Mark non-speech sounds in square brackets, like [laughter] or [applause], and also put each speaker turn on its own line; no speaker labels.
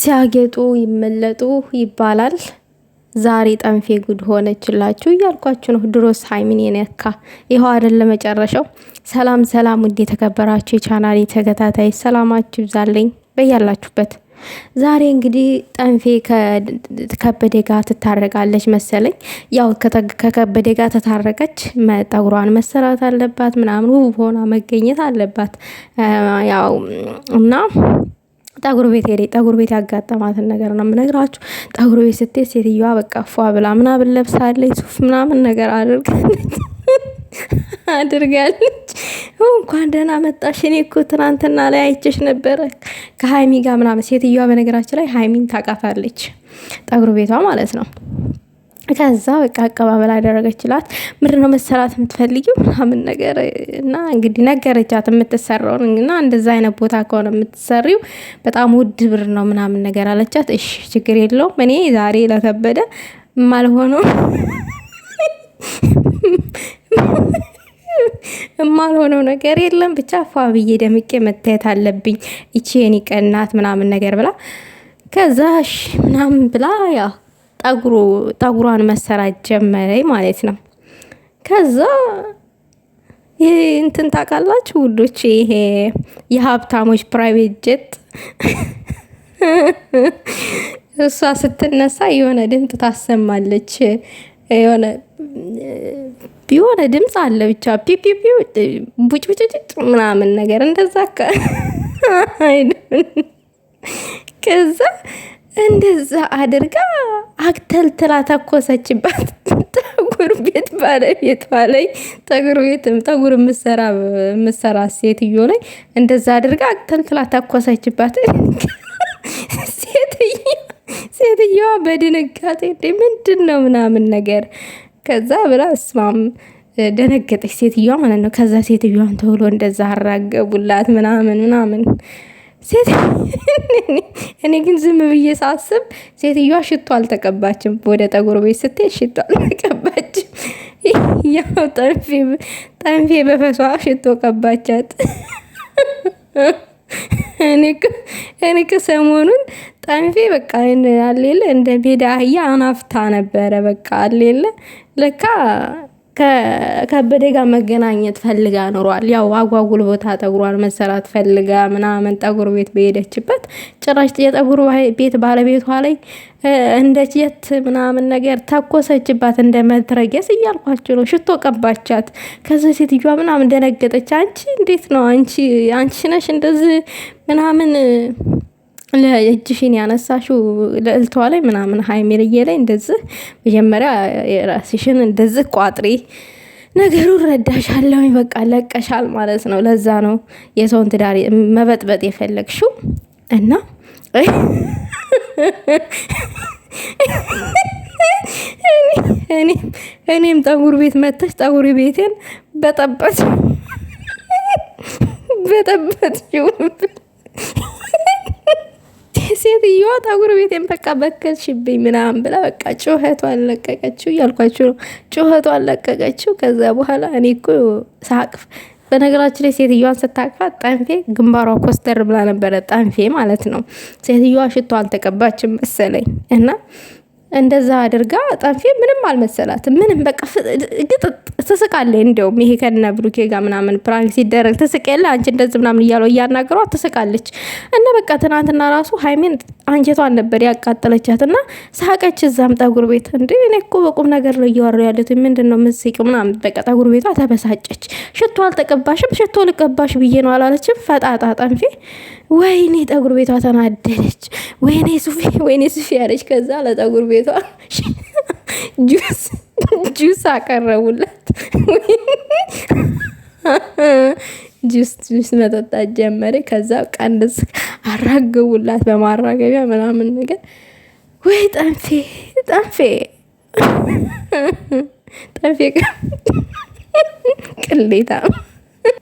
ሲያጌጡ ይመለጡ ይባላል። ዛሬ ጠንፌ ጉድ ሆነችላችሁ እያልኳችሁ ነው። ድሮስ ሀይሚን የነካ ይኸው አይደለ መጨረሻው። ሰላም ሰላም፣ ውድ የተከበራችሁ የቻናል ተከታታይ ሰላማችሁ ይብዛልኝ በያላችሁበት። ዛሬ እንግዲህ ጠንፌ ከከበደ ጋር ትታረቃለች መሰለኝ። ያው ከከበደ ጋር ተታረቀች፣ ጠጉሯን መሰራት አለባት ምናምን፣ ውብ ሆና መገኘት አለባት ያው እና ጠጉር ቤት ሄደ። ጠጉር ቤት ያጋጠማትን ነገር ነው የምነግራችሁ። ጠጉር ቤት ስትሄድ ሴትዮዋ በቃ ፏ ብላ ምናምን ለብሳለች፣ ሱፍ ምናምን ነገር [laughs] አድርጋለች አድርጋለች። እንኳን ደህና መጣሽ፣ እኔ እኮ ትናንትና ላይ አይቼሽ ነበረ ከሀይሚ ጋር ምናምን። ሴትዮዋ በነገራችን ላይ ሀይሚን ታቃታለች፣ ጠጉር ቤቷ ማለት ነው። ከዛ በቃ አቀባበል አደረገችላት። ምንድን ነው መሰራት የምትፈልጊው ምናምን ነገር እና እንግዲህ ነገረቻት የምትሰራውን እና እንደዛ አይነት ቦታ ከሆነ የምትሰሪው በጣም ውድ ብር ነው ምናምን ነገር አለቻት። እሺ ችግር የለውም እኔ ዛሬ ለከበደ የማልሆነው የማልሆነው ነገር የለም ብቻ ፏ ብዬ ደምቄ መታየት አለብኝ፣ ይቺ የኔ ቀናት ምናምን ነገር ብላ ከዛ እሺ ምናምን ብላ ያው ጠጉሩ ጠጉሯን መሰራት ጀመረ ማለት ነው። ከዛ ይህ እንትን ታውቃላችሁ ውዶች፣ ይሄ የሀብታሞች ፕራይቬት ጀት [laughs] እሷ ስትነሳ የሆነ ድምፅ ታሰማለች። የሆነ የሆነ ድምፅ አለ ብቻ ፒፒፒ ቡጭቡጭጭ ምናምን ነገር እንደዛ [laughs] ከዛ እንደዛ አድርጋ አክተል ትላ ተኮሰችባት። ጠጉር ቤት ባለቤቷ ላይ ጠጉር ቤትም ጠጉር ምሰራ ሴትዮ ላይ እንደዛ አድርጋ አክተል ትላ ተኮሰችባት። ሴትዮዋ በድንጋጤ ምንድን ነው ምናምን ነገር ከዛ ብላ እስማም ደነገጠች ሴትዮዋ ማለት ነው። ከዛ ሴትዮዋን ተውሎ እንደዛ አራገቡላት ምናምን ምናምን ሴት እኔ ግን ዝም ብዬ ሳስብ ሴትዮዋ ሽቶ አልተቀባችም። ወደ ጠጉር ቤት ስትሄድ ሽቶ አልተቀባችም። ያው ጠንፌ በፈሷ ሽቶ ቀባቻት። እኔ ሰሞኑን ጠንፌ በቃ አሌለ እንደ ሜዳ አህያ አናፍታ ነበረ። በቃ አሌለ ለካ ከበደ ጋር መገናኘት ፈልጋ ኑሯል። ያው አጓጉል ቦታ ጠጉሯን መሰራት ፈልጋ ምናምን ጠጉር ቤት በሄደችበት ጭራሽ የጠጉር ቤት ባለቤቷ ላይ እንደ ጀት ምናምን ነገር ተኮሰችባት። እንደ መትረጌስ እያልኳቸው ነው። ሽቶ ቀባቻት። ከዚ ሴትዮዋ ምናምን ደነገጠች። አንቺ እንዴት ነው አንቺ አንቺ ነሽ እንደዚህ ምናምን ለእጅሽን ያነሳሽው ለእልቷ ላይ ምናምን ሀይሜርዬ ላይ እንደዚህ መጀመሪያ የራስሽን እንደዚህ ቋጥሪ፣ ነገሩ ረዳሻለሁ፣ በቃ ለቀሻል ማለት ነው። ለዛ ነው የሰውን ትዳር መበጥበጥ የፈለግሽው እና እኔም ጠጉር ቤት መተሽ ጠጉር ቤቴን በጠበት በጠበት በጠበጥ ሴትዮዋ ጠጉር ቤቴን በቃ በከልሽብኝ ምናምን ብላ በቃ ጩኸቷ አለቀቀችው እያልኳችሁ ነው። ጩኸቷ አለቀቀችው። ከዛ በኋላ እኔ እኮ ሳቅፍ በነገራችን ላይ ሴትዮዋን ስታቅፋት ጠንፌ ግንባሯ ኮስተር ብላ ነበረ። ጠንፌ ማለት ነው። ሴትዮዋ ሽቶ አልተቀባችም መሰለኝ እና እንደዛ አድርጋ ጠንፌ ምንም አልመሰላትም። ምንም በቃ ግጥጥ ነበር። ትስቃለች። እንዲያውም ይሄ ከነ ብሩኬ ጋር ምናምን ፕራንክ ሲደረግ ትስቅ የለ አንቺ እንደዚህ ምናምን እያለው እያናገሯት ትስቃለች። እና በቃ ትናንትና ራሱ ሀይሜን አንጀቷን ነበር ያቃጠለቻት እና ሳቀች። እዛም ጠጉር ቤት እንዴ እኔ እኮ በቁም ነገር ላይ እያወሩ ያለት ምንድን ነው ምትስቂው ምናምን በቃ ጠጉር ቤቷ ተበሳጨች። ሽቶ አልተቀባሽም፣ ሽቶ ልቀባሽ ብዬ ነው አላለችም። ፈጣጣ ጠንፌ ወይኔ ጠጉር ቤቷ ተናደደች። ወይኔ ሱፌ፣ ወይኔ ሱፊ ያለች ከዛ ለጠጉር ቤቷ ጁስ ጁስ አቀረቡላት። ጁስ ጁስ መጠጣት ጀመረ። ከዛ ቀንድ አራገቡላት በማራገቢያ ምናምን ነገር። ወይ ጠንፌ ጠንፌ ጠንፌ ቅሌታ